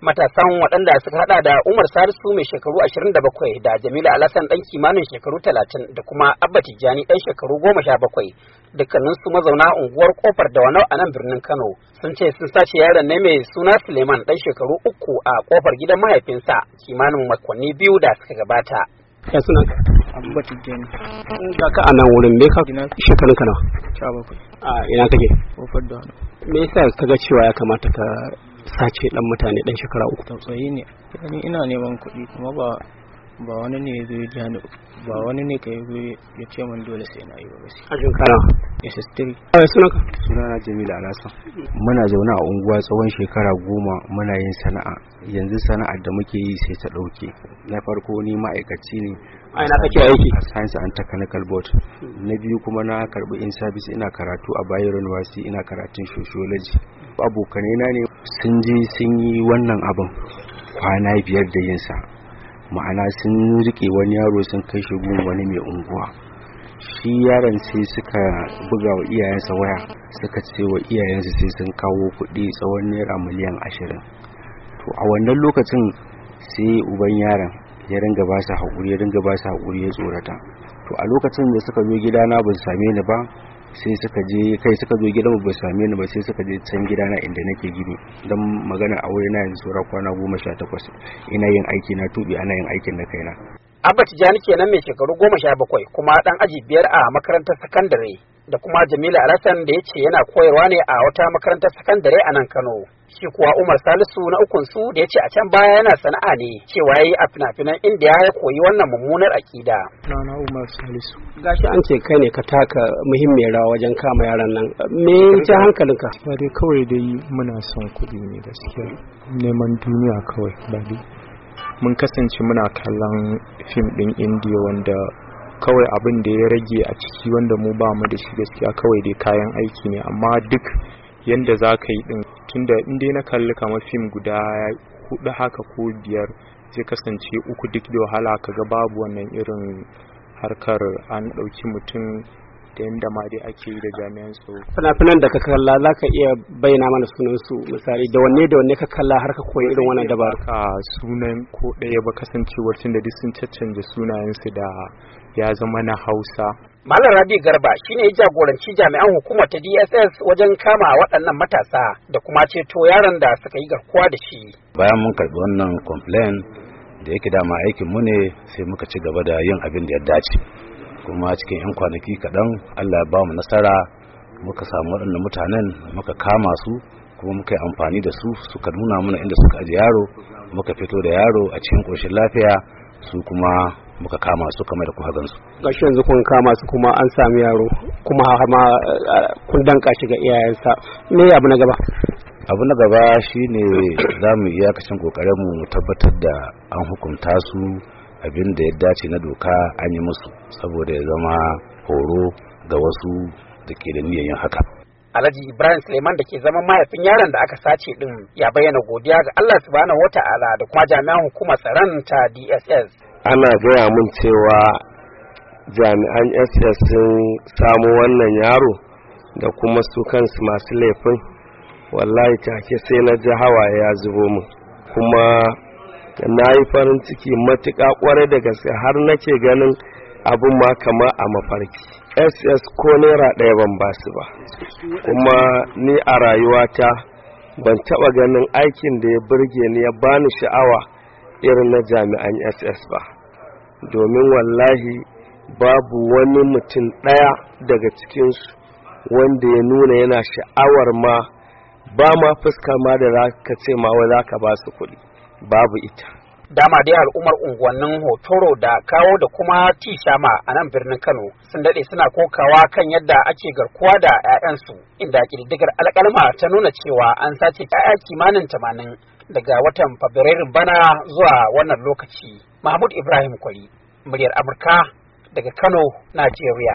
Matasan waɗanda suka hada da Umar Sarisu mai shekaru 27 da Jamila Alasan ɗan kimanin shekaru 30 da kuma Abba Tijjani ɗan shekaru 17 dukkanin su mazauna unguwar kofar da wani a nan birnin Kano sun ce sun sace yaron ne mai suna Suleiman ɗan shekaru 3 a kofar gidan mahaifinsa kimanin makonni biyu da suka gabata. Ya suna Abba Tijjani. Ga ka a nan wurin me ka shekarun kana? 17. A ina kake? Kofar da wani. Me yasa ka ga cewa ya kamata ka sace dan mutane dan shekara uku tsautsayi ne ni ina neman kuɗi kuma ba ba wani ne zai ya ni ba wani ne ka zo ya ce min dole sai na yi ba gaskiya ajin kana ss3 a suna sunana Jamilu alasa muna zaune a unguwa tsawon shekara goma muna yin sana'a yanzu sana'ar da muke yi sai ta dauke na farko ni ma'aikaci ne a ina kake aiki a science and technical board na biyu kuma na karbi in service ina karatu a Bayero University ina karatun sociology abokane na ne sun je sun yi wannan abin kwana biyar da yinsa ma'ana sun rike wani yaro sun kai shi gun wani mai unguwa shi yaron sai suka buga wa iyayensa waya suka ce wa iyayensa sai sun kawo kuɗi tsawon naira miliyan ashirin to a wannan lokacin sai uban yaron ya ringa ba su haƙuri ya ringa ba su haƙuri ya tsorata to a lokacin da suka zo gidana ban same ni ba sai suka je kai suka zo gidan ba same ni ba sai suka je can gidana inda nake gini dan magana a wurin na yanzu saura kwana goma sha takwas ina yin aiki na tubi ana yin aikin na kaina Abba Jani kenan mai shekaru goma sha bakwai kuma ɗan aji biyar a makarantar sakandare da kuma Jamilu Alhassan da ya ce yana koyarwa ne a wata makarantar sakandare a nan Kano. Shi kuwa Umar Salisu na ukun su da ya ce a can baya yana sana'a ne cewa ya yi a fina-finan inda ya koyi wannan mummunar akida. Rana Umar Salisu. Gashi an ce kai ne ka taka muhimmiyar rawa wajen kama yaran nan. Me ya hankalinka? Ba dai kawai dai muna son kuɗi ne gaskiya. Neman duniya kawai ba dai. mun kasance muna kallon fim ɗin indiya wanda kawai abin da ya rage a ciki wanda mu ba mu da shi gaskiya kawai dai kayan aiki ne amma duk yanda za ka yi din tunda in dai na kalli kamar fim guda hudu haka ko biyar zai kasance uku duk da wahala ka ga babu wannan irin harkar an ɗauki mutum da yadda ma dai ake yi da jami'an tsaro fina-finan da ka kalla za ka iya bayyana mana sunansu misali da wanne da wanne ka kalla har ka koyi irin wannan dabar ka sunan ko ɗaya ba kasancewar tun da duk sun caccanje sunayensu da ya zama na hausa Malam Rabi Garba shine ya jagoranci jami'an hukumar ta DSS wajen kama waɗannan matasa da kuma ceto yaron da suka yi garkuwa da shi. Bayan mun karɓi wannan complain da yake dama aikin mu ne sai muka ci gaba da yin abin da ya dace. kuma cikin 'yan kwanaki kaɗan allah ya ba mu nasara muka samu waɗanda mutanen muka kama su kuma muka yi amfani da su suka nuna mana inda suka aji yaro muka fito da yaro a cikin ƙoshin lafiya su kuma muka kama su kamar da kuka gansu gashi yanzu kun kama su kuma an sami yaro kuma ma kun danka shi ga iyayensa me abu na gaba abu na gaba shine za mu iya kashin kokarin mu tabbatar da an hukunta su abin da ya dace na doka an yi musu saboda ya zama horo ga wasu da ke da niyan haka Alhaji Ibrahim Suleiman da ke zaman mahaifin yaron da aka sace din ya bayyana godiya ga Allah subhanahu wata'ala da kuma jami'an hukumar tsaron ta DSS. Ana gaya mun cewa jami'an SS sun samu wannan yaro da kuma su kansu masu laifin wallahi take sai na ji hawaye ya zubo mu kuma na yi farin ciki matuƙa ƙwarai da gaske har nake ganin abin ma kama a mafarki ss ko naira ɗaya ban ba su ba kuma ni a rayuwata ban taɓa ganin aikin da ya burge ni ya bani sha'awa irin na jami'an ss ba domin wallahi babu wani mutum ɗaya daga cikinsu wanda ya nuna yana sha'awar ma ba ma fuska ma da za ka ce ma wai za ka ba su kuɗi babu ita dama dai al'ummar unguwannin hotoro da kawo da kuma tishama a nan birnin kano sun daɗe suna kokawa kan yadda ake garkuwa da 'ya'yansu inda ƙididdigar alƙalma ta nuna cewa an sace 'ya'ya kimanin tamanin daga watan fabrairun bana zuwa wannan lokaci mahmud ibrahim kwari muryar amurka daga kano najeriya